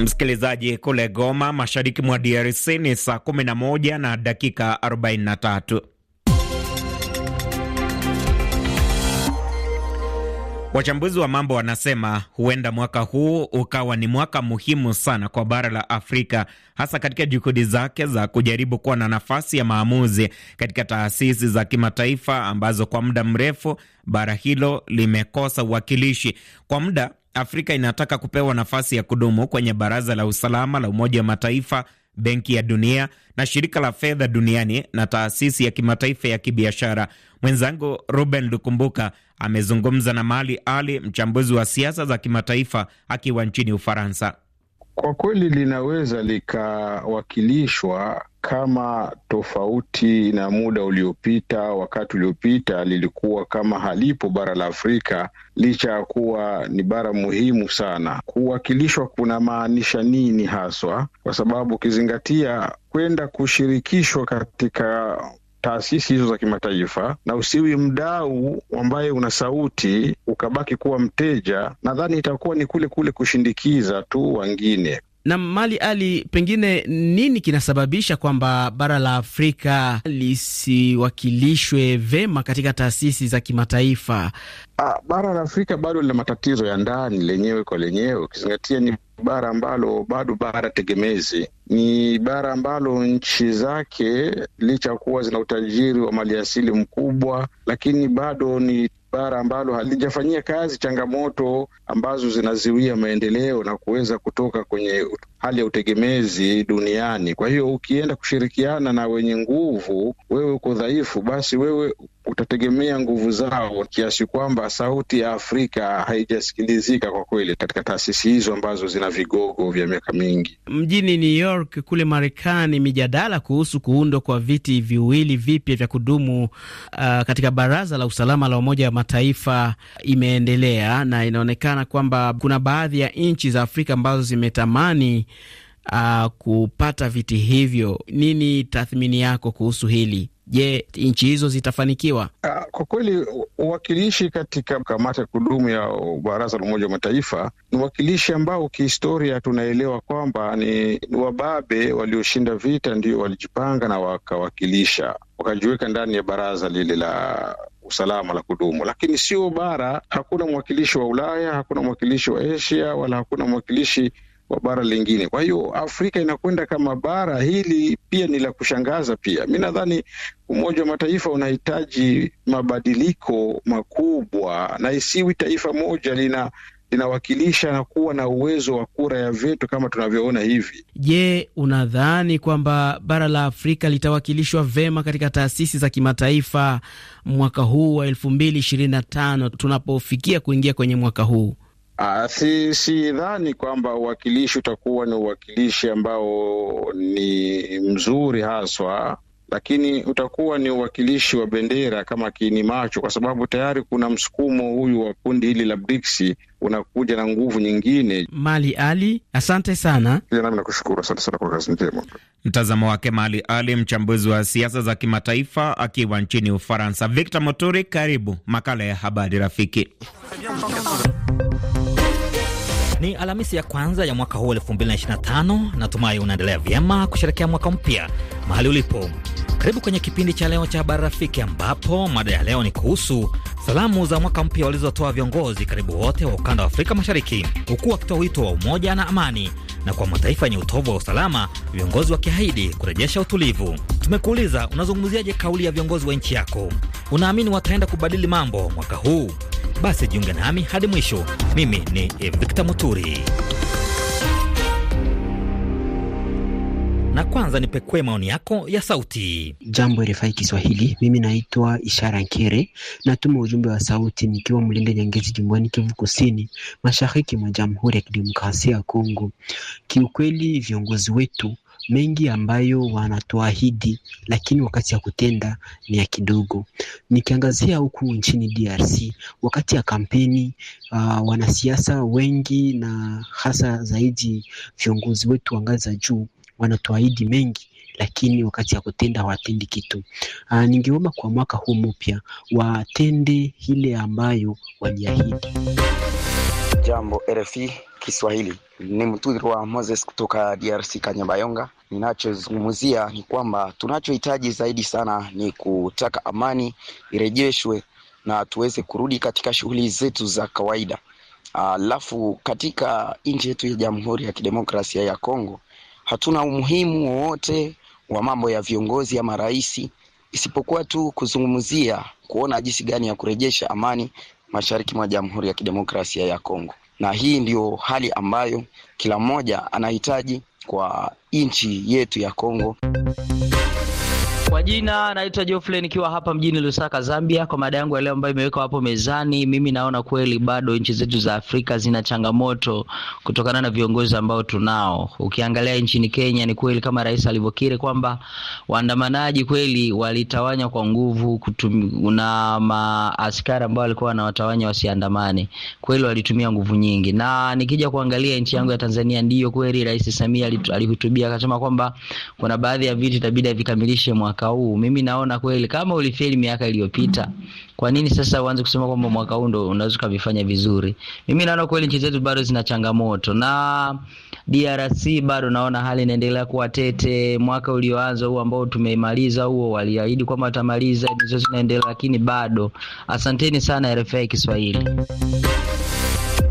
Msikilizaji, kule Goma, mashariki mwa DRC ni saa 11 na dakika 43. Wachambuzi wa mambo wanasema huenda mwaka huu ukawa ni mwaka muhimu sana kwa bara la Afrika, hasa katika juhudi zake za kujaribu kuwa na nafasi ya maamuzi katika taasisi za kimataifa ambazo kwa muda mrefu bara hilo limekosa uwakilishi. Kwa muda Afrika inataka kupewa nafasi ya kudumu kwenye Baraza la Usalama la Umoja wa Mataifa, Benki ya Dunia na Shirika la Fedha Duniani na Taasisi ya Kimataifa ya Kibiashara. Mwenzangu Ruben Lukumbuka amezungumza na Mali Ali, mchambuzi wa siasa za kimataifa akiwa nchini Ufaransa. Kwa kweli linaweza likawakilishwa kama tofauti na muda uliopita, wakati uliopita lilikuwa kama halipo bara la Afrika, licha ya kuwa ni bara muhimu sana. Kuwakilishwa kunamaanisha nini haswa? Kwa sababu ukizingatia kwenda kushirikishwa katika taasisi hizo za kimataifa na usiwi mdau ambaye una sauti ukabaki kuwa mteja, nadhani itakuwa ni kule kule kushindikiza tu wengine. Na Mali Ali, pengine nini kinasababisha kwamba bara la Afrika lisiwakilishwe vema katika taasisi za kimataifa? Ah, bara la Afrika bado lina matatizo ya ndani lenyewe kwa lenyewe, ukizingatia ni bara ambalo bado bara tegemezi ni bara ambalo nchi zake licha kuwa zina utajiri wa maliasili mkubwa, lakini bado ni bara ambalo halijafanyia kazi changamoto ambazo zinaziwia maendeleo na kuweza kutoka kwenye hali ya utegemezi duniani. Kwa hiyo ukienda kushirikiana na wenye nguvu, wewe uko dhaifu, basi wewe utategemea nguvu zao, kiasi kwamba sauti ya Afrika haijasikilizika kwa kweli katika taasisi hizo ambazo zina vigogo vya miaka mingi. Mjini New York York kule Marekani, mijadala kuhusu kuundwa kwa viti viwili vipya vya kudumu uh, katika Baraza la Usalama la Umoja wa Mataifa imeendelea na inaonekana kwamba kuna baadhi ya nchi za Afrika ambazo zimetamani uh, kupata viti hivyo. Nini tathmini yako kuhusu hili? Je, nchi hizo zitafanikiwa? Ah, kwa kweli uwakilishi katika kamati ya kudumu ya baraza la Umoja wa Mataifa ni uwakilishi ambao kihistoria tunaelewa kwamba ni wababe walioshinda vita ndio walijipanga na wakawakilisha wakajiweka ndani ya baraza lile la usalama la kudumu, lakini sio bara. Hakuna mwakilishi wa Ulaya, hakuna mwakilishi wa Asia, wala hakuna mwakilishi wa bara lingine. Kwa hiyo Afrika inakwenda kama bara hili pia ni la kushangaza. Pia mi nadhani Umoja wa Mataifa unahitaji mabadiliko makubwa, na isiwi taifa moja lina linawakilisha na kuwa na uwezo wa kura ya veto kama tunavyoona hivi. Je, unadhani kwamba bara la Afrika litawakilishwa vema katika taasisi za kimataifa mwaka huu wa elfu mbili ishirini na tano tunapofikia kuingia kwenye mwaka huu? Ah, si, si dhani kwamba uwakilishi utakuwa ni uwakilishi ambao ni mzuri haswa, lakini utakuwa ni uwakilishi wa bendera kama kiini macho, kwa sababu tayari kuna msukumo huyu wa kundi hili la BRICS unakuja na nguvu nyingine. Mali Ali, asante sana. Nami nakushukuru, asante sana kwa kazi njema. Mtazamo wake Mali Ali, mchambuzi wa siasa za kimataifa akiwa nchini Ufaransa. Victor Moturi, karibu makala ya habari rafiki ni Alhamisi ya kwanza ya mwaka huu 2025. Natumai unaendelea vyema kusherekea mwaka mpya mahali ulipo. Karibu kwenye kipindi cha leo cha Habari Rafiki, ambapo mada ya leo ni kuhusu salamu za mwaka mpya walizotoa viongozi karibu wote wa ukanda wa Afrika Mashariki, huku wakitoa wito wa umoja na amani, na kwa mataifa yenye utovu wa usalama viongozi wakiahidi kurejesha utulivu. Tumekuuliza, unazungumziaje kauli ya viongozi wa nchi yako? Unaamini wataenda kubadili mambo mwaka huu basi jiunge nami hadi mwisho. Mimi ni eh, Victor Muturi. Na kwanza nipekue maoni yako ya sauti. Jambo RFI Kiswahili, mimi naitwa Ishara Nkere, natuma ujumbe wa sauti nikiwa Mlinde Nyangezi, jimbwani Kivu Kusini, mashariki mwa Jamhuri ya Kidemokrasia ya Kongo. Kiukweli viongozi wetu mengi ambayo wanatuahidi, lakini wakati ya kutenda ni ya kidogo. Nikiangazia huku nchini DRC, wakati ya kampeni uh, wanasiasa wengi na hasa zaidi viongozi wetu wa ngazi za juu wanatuahidi mengi lakini wakati ya kutenda hawatendi kitu. Uh, ningeomba kwa mwaka huu mpya watende ile ambayo waliahidi. Jambo RFI Kiswahili. Ni wa Moses kutoka DRC, Kanyabayonga. Ninachozungumzia ni kwamba tunachohitaji zaidi sana ni kutaka amani irejeshwe na tuweze kurudi katika shughuli zetu za kawaida. Alafu katika nchi yetu ya Jamhuri ya Kidemokrasia ya Kongo hatuna umuhimu wowote wa mambo ya viongozi ama rais, isipokuwa tu kuzungumzia kuona jinsi gani ya kurejesha amani mashariki mwa Jamhuri ya Kidemokrasia ya Kongo na hii ndiyo hali ambayo kila mmoja anahitaji kwa nchi yetu ya Kongo. Kwa jina naitwa Geoffrey nikiwa hapa mjini Lusaka, Zambia. Kwa mada yangu ya leo ambayo imewekwa hapo mezani, mimi naona kweli bado nchi zetu za Afrika zina changamoto kutokana na viongozi ambao tunao. Ukiangalia nchini Kenya, ni kweli kama rais alivyokiri kwamba waandamanaji kweli walitawanya kwa nguvu na maaskari ambao walikuwa wanawatawanya wasiandamane, kweli walitumia nguvu nyingi. Na nikija kuangalia nchi yangu ya Tanzania, ndiyo kweli Rais Samia alihutubia akasema kwamba kuna baadhi ya vitu itabidi avikamilishe mwaka mwaka huu, mimi naona kweli kama ulifeli miaka iliyopita, mm -hmm. kwa nini sasa uanze kusema kwamba mwaka huu ndo unaweza ukavifanya vizuri? Mimi naona kweli nchi zetu bado zina changamoto, na DRC bado naona hali inaendelea kuwa tete. Mwaka ulioanza huu ambao tumeimaliza huo, waliahidi kwamba watamaliza, hizo zinaendelea lakini bado. Asanteni sana RFI Kiswahili.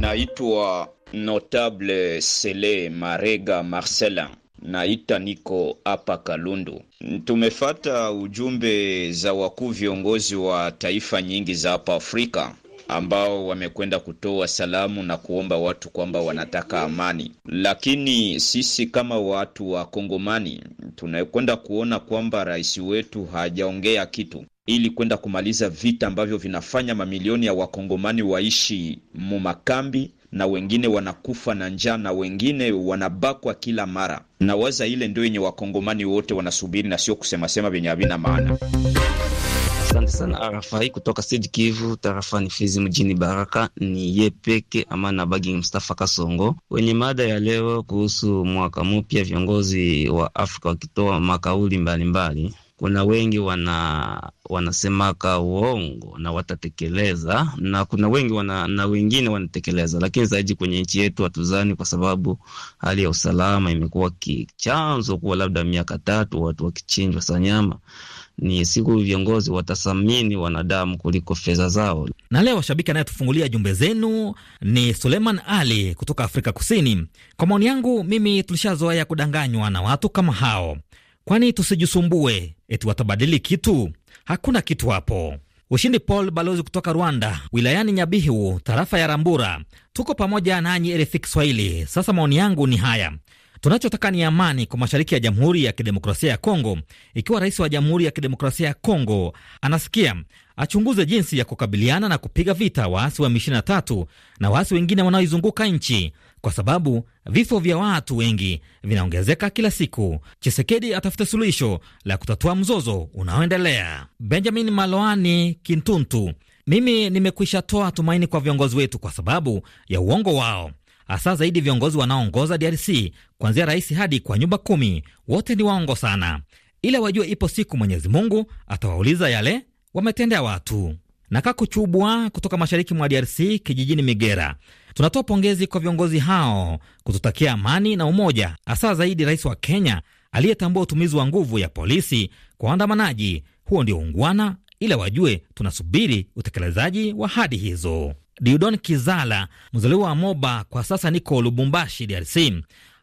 Naitwa Notable Sele Marega Marcelin naita niko hapa Kalundu. Tumefata ujumbe za wakuu viongozi wa taifa nyingi za hapa Afrika ambao wamekwenda kutoa salamu na kuomba watu kwamba wanataka amani, lakini sisi kama watu wa Kongomani tunakwenda kuona kwamba rais wetu hajaongea kitu ili kwenda kumaliza vita ambavyo vinafanya mamilioni ya Wakongomani waishi mumakambi na wengine wanakufa na njaa na wengine wanabakwa kila mara. Nawaza ile ndio yenye wakongomani wote wanasubiri na sio kusemasema vyenye havina maana. Asante sana Arafai kutoka Sud Kivu, tarafa ni Fizi, mjini Baraka. Ni ye peke ama na bagi Mustafa Kasongo wenye mada ya leo kuhusu mwaka mpya, viongozi wa Afrika wakitoa makauli mbalimbali mbali kuna wengi wana wanasemaka uongo na watatekeleza, na kuna wengi wana, na wengine wanatekeleza, lakini zaidi kwenye nchi yetu hatuzani, kwa sababu hali ya usalama imekuwa kichanzo kuwa labda miaka tatu watu wakichinjwa sanyama ni siku viongozi watathamini wanadamu kuliko fedha zao. Na leo shabiki anayetufungulia jumbe zenu ni Suleiman Ali kutoka Afrika Kusini. Kwa maoni yangu mimi, tulishazoea kudanganywa na watu kama hao kwani tusijisumbue eti watabadili kitu. Hakuna kitu hapo. Ushindi Paul balozi kutoka Rwanda wilayani Nyabihu tarafa ya Rambura. Tuko pamoja nanyi RFI Kiswahili. Sasa maoni yangu ni haya, tunachotaka ni amani kwa mashariki ya Jamhuri ya Kidemokrasia ya Kongo. Ikiwa rais wa Jamhuri ya Kidemokrasia ya Kongo anasikia, achunguze jinsi ya kukabiliana na kupiga vita waasi wa M23 na waasi wengine wanaoizunguka nchi kwa sababu vifo vya watu wengi vinaongezeka kila siku. Chisekedi atafuta suluhisho la kutatua mzozo unaoendelea. Benjamin Maloani Kintuntu, mimi nimekwisha toa tumaini kwa viongozi wetu kwa sababu ya uongo wao, hasa zaidi viongozi wanaoongoza DRC kuanzia rais hadi kwa nyumba kumi, wote ni waongo sana, ila wajue ipo siku Mwenyezi Mungu atawauliza yale wametendea watu. Nakakuchubwa kutoka mashariki mwa DRC kijijini Migera. Tunatoa pongezi kwa viongozi hao kututakia amani na umoja, hasa zaidi rais wa Kenya aliyetambua utumizi wa nguvu ya polisi kwa waandamanaji. Huo ndio ungwana, ila wajue tunasubiri utekelezaji wa hadi hizo. Diudon Kizala, mzaliwa wa Moba, kwa sasa niko Lubumbashi, DRC,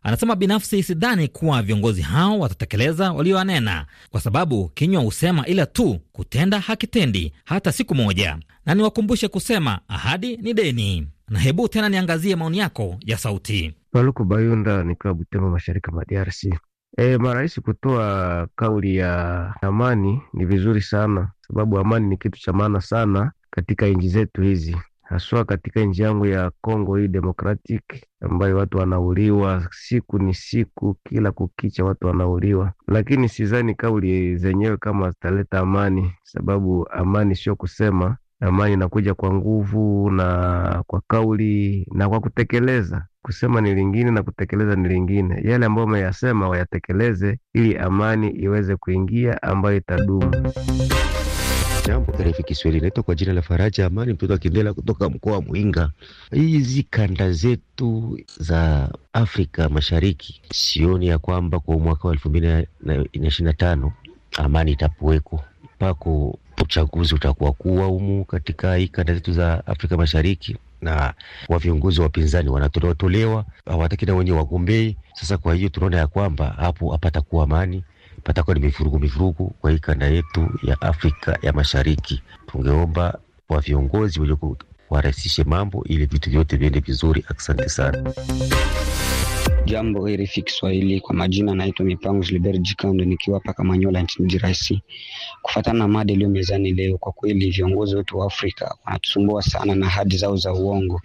Anasema binafsi sidhani kuwa viongozi hao watatekeleza walioanena, kwa sababu kinywa husema ila tu kutenda hakitendi hata siku moja, na niwakumbushe kusema ahadi ni deni. Na hebu tena niangazie maoni yako ya sauti. Paluku Bayunda nikiwa butema mashariki mwa DRC. E, marais kutoa kauli ya amani ni vizuri sana, sababu amani ni kitu cha maana sana katika nchi zetu hizi haswa katika nchi yangu ya Kongo hii Democratic ambayo watu wanauliwa siku ni siku, kila kukicha watu wanauliwa. Lakini sidhani kauli zenyewe kama zitaleta amani, sababu amani sio kusema. Amani inakuja kwa nguvu na kwa kauli na kwa kutekeleza. Kusema ni lingine na kutekeleza ni lingine. Yale ambayo wameyasema wayatekeleze, ili amani iweze kuingia, ambayo itadumu. Jambo RFI Kiswahili, naitwa kwa jina la Faraja Amani, mtoto wa Kindela kutoka mkoa wa Mwinga. Hizi kanda zetu za Afrika Mashariki, sioni ya kwamba kwa mwaka wa elfu mbili na ishirini na tano amani itakuweko pako uchaguzi utakuwa kuwa humu katika hii kanda zetu za Afrika Mashariki, na wa viongozi wa wapinzani wanatolewa tolewa, hawataki na wenye wagombei. Sasa kwa hiyo tunaona ya kwamba hapo hapatakuwa amani patakuwa ni mivurugu mivurugu kwa hii kanda yetu ya Afrika ya Mashariki. Tungeomba kwa viongozi wenye warahisishe mambo ili vitu vyote viende vizuri. Asante sana. Jambo RFI Kiswahili, kwa majina naitwa Mipango Gilbert Jikando, nikiwa hapa Kamanyola nchini DRC. Kufatana na mada iliyo mezani leo, kwa kweli viongozi wetu wa Afrika wanatusumbua sana na hadi zao za uongo,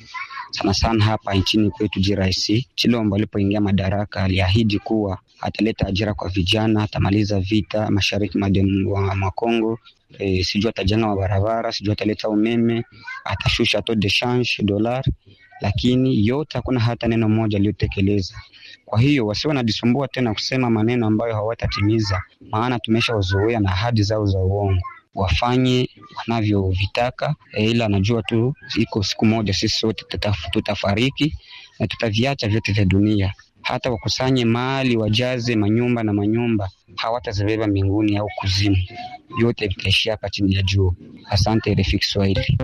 sana sana hapa nchini kwetu DRC. Chilombo alipoingia madaraka aliahidi kuwa ataleta ajira kwa vijana, atamaliza vita mashariki mwa Kongo. E, sijui atajenga mabarabara, sijui ataleta umeme, atashusha taux de change dollar, lakini yote hakuna hata neno moja aliyotekeleza. Kwa hiyo wasiwe najisumbua tena kusema maneno ambayo hawatatimiza, maana tumeshawazoea na ahadi zao za uongo. Wafanye wanavyovitaka, e, ila anajua tu iko siku moja sisi sote tutafariki na tutaviacha vyote vya dunia hata wakusanye mali, wajaze manyumba na manyumba, hawatazibeba mbinguni au kuzimu, yote vitaishia hapa chini ya juu. Asante RFI Kiswahili.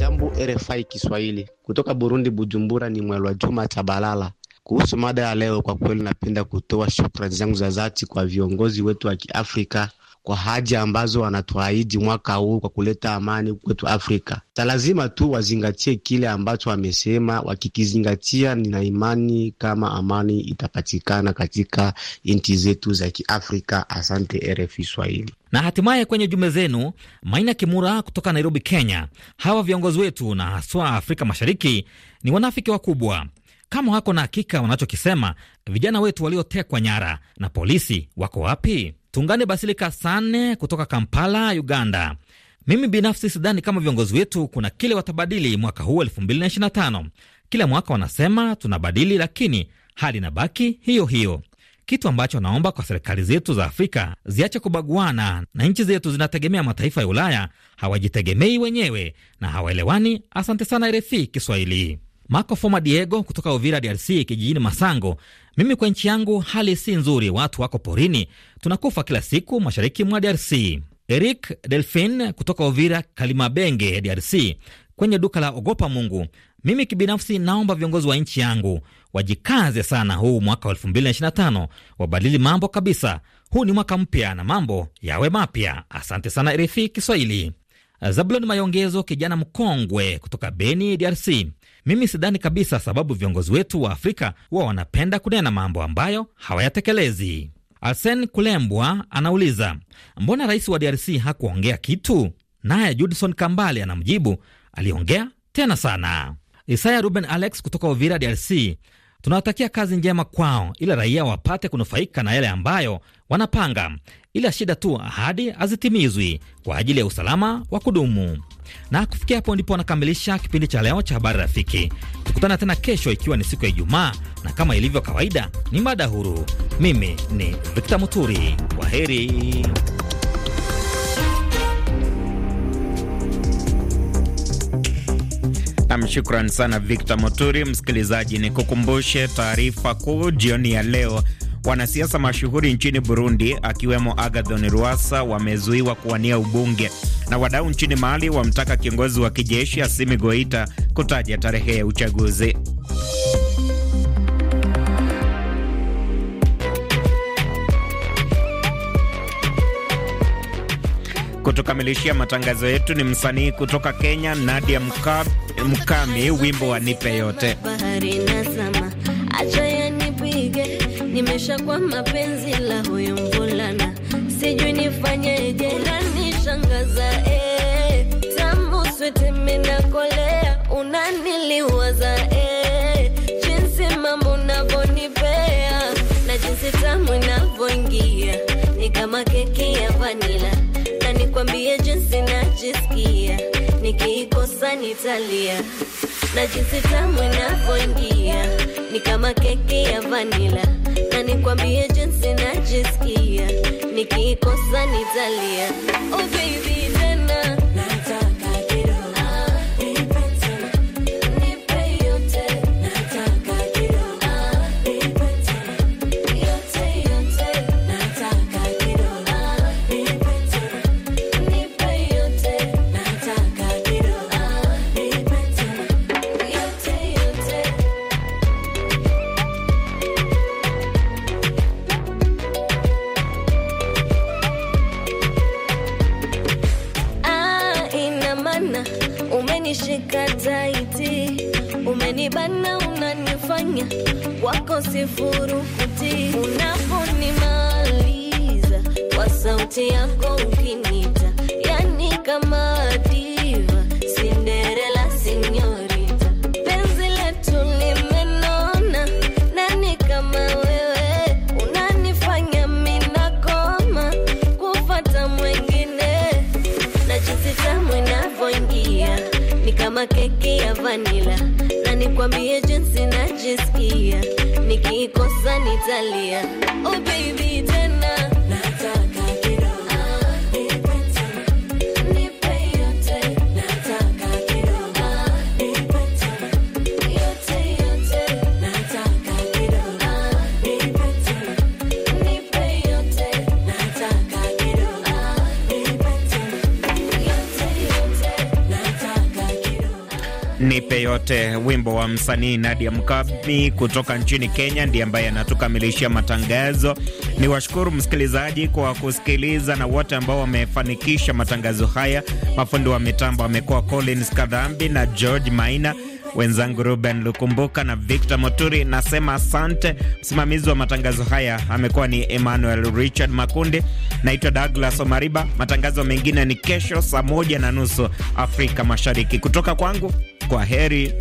Jambo RFI Kiswahili kutoka Burundi, Bujumbura, ni Mwelwa Juma Tabalala. Kuhusu mada ya leo, kwa kweli napenda kutoa shukrani zangu za dhati kwa viongozi wetu wa Kiafrika kwa haja ambazo wanatuahidi mwaka huu kwa kuleta amani kwetu Afrika. Ta lazima tu wazingatie kile ambacho wamesema. Wakikizingatia, nina imani kama amani itapatikana katika nchi zetu za Kiafrika. Asante RFI Swahili. Na hatimaye kwenye jumbe zenu, Maina Kimura kutoka Nairobi, Kenya. Hawa viongozi wetu na haswa Afrika Mashariki ni wanafiki wakubwa kama wako na hakika wanachokisema, vijana wetu waliotekwa nyara na polisi wako wapi? Tuungane Basilika Sane kutoka Kampala, Uganda. Mimi binafsi sidhani kama viongozi wetu kuna kile watabadili mwaka huu 225 Kila mwaka wanasema tunabadili, lakini hali inabaki hiyo hiyo, kitu ambacho naomba kwa serikali zetu za Afrika ziache kubaguana, na nchi zetu zinategemea mataifa ya Ulaya, hawajitegemei wenyewe na hawaelewani. Asante sana RFI Kiswahili. Marco Foma Diego kutoka Uvira, DRC, kijijini Masango. Mimi kwa nchi yangu hali si nzuri, watu wako porini, tunakufa kila siku mashariki mwa DRC. Eric Delfin kutoka Uvira, Kalimabenge, DRC, kwenye duka la Ogopa Mungu. Mimi kibinafsi naomba viongozi wa nchi yangu wajikaze sana, huu mwaka wa 2025 wabadili mambo kabisa. Huu ni mwaka mpya na mambo yawe mapya. Asante sana RFI Kiswahili. Zabulon Mayongezo, kijana mkongwe kutoka Beni, DRC. Mimi sidhani kabisa, sababu viongozi wetu wa Afrika huwa wanapenda kunena mambo ambayo hawayatekelezi. Arsen Kulembwa anauliza mbona rais wa DRC hakuongea kitu? Naye Judson Kambale anamjibu aliongea tena sana. Isaya Ruben Alex kutoka Uvira, DRC Tunawatakia kazi njema kwao, ila raia wapate kunufaika na yale ambayo wanapanga, ila shida tu ahadi hazitimizwi kwa ajili ya usalama wa kudumu. Na kufikia hapo ndipo wanakamilisha kipindi cha leo cha habari rafiki. Tukutana tena kesho, ikiwa ni siku ya Ijumaa, na kama ilivyo kawaida ni mada huru. Mimi ni Victor Muturi, kwa heri. Nam, shukran sana Victor Moturi. Msikilizaji, ni kukumbushe taarifa kuu jioni ya leo. Wanasiasa mashuhuri nchini Burundi akiwemo Agathon Rwasa wamezuiwa kuwania ubunge, na wadau nchini Mali wamtaka kiongozi wa kijeshi Asimi Goita kutaja tarehe ya uchaguzi. Kutukamilishia matangazo yetu ni msanii kutoka Kenya Nadia Mkab Mkami, wimbo wa nipe yote nimeshakuwa mapenzi la huyu mvulana, sijui nifanye kwanza nitalia, na jinsi tamu inavyoingia ni kama keki ya vanila, na nikwambie jinsi najisikia, nikiikosa nitalia. Oh baby, tena umenishika taiti, umenibana, unanifanya wako sifuru kuti, unaponimaliza kwa sauti yako ukinita, yani kama kama keki ya vanila, na nikwambie jinsi najisikia, nikikosa nitalia. Oh baby tena nipe yote, wimbo wa msanii Nadia Mkami kutoka nchini Kenya, ndiye ambaye anatukamilishia matangazo. Ni washukuru msikilizaji kwa kusikiliza na wote ambao wamefanikisha matangazo haya. Mafundi wa mitambo amekuwa Collins Kadhambi na George Maina, wenzangu Ruben Lukumbuka na Victor Moturi. Nasema asante. Msimamizi wa matangazo haya amekuwa ni Emmanuel Richard Makundi. Naitwa Douglas Omariba. Matangazo mengine ni kesho saa moja na nusu Afrika Mashariki. Kutoka kwangu Aquareri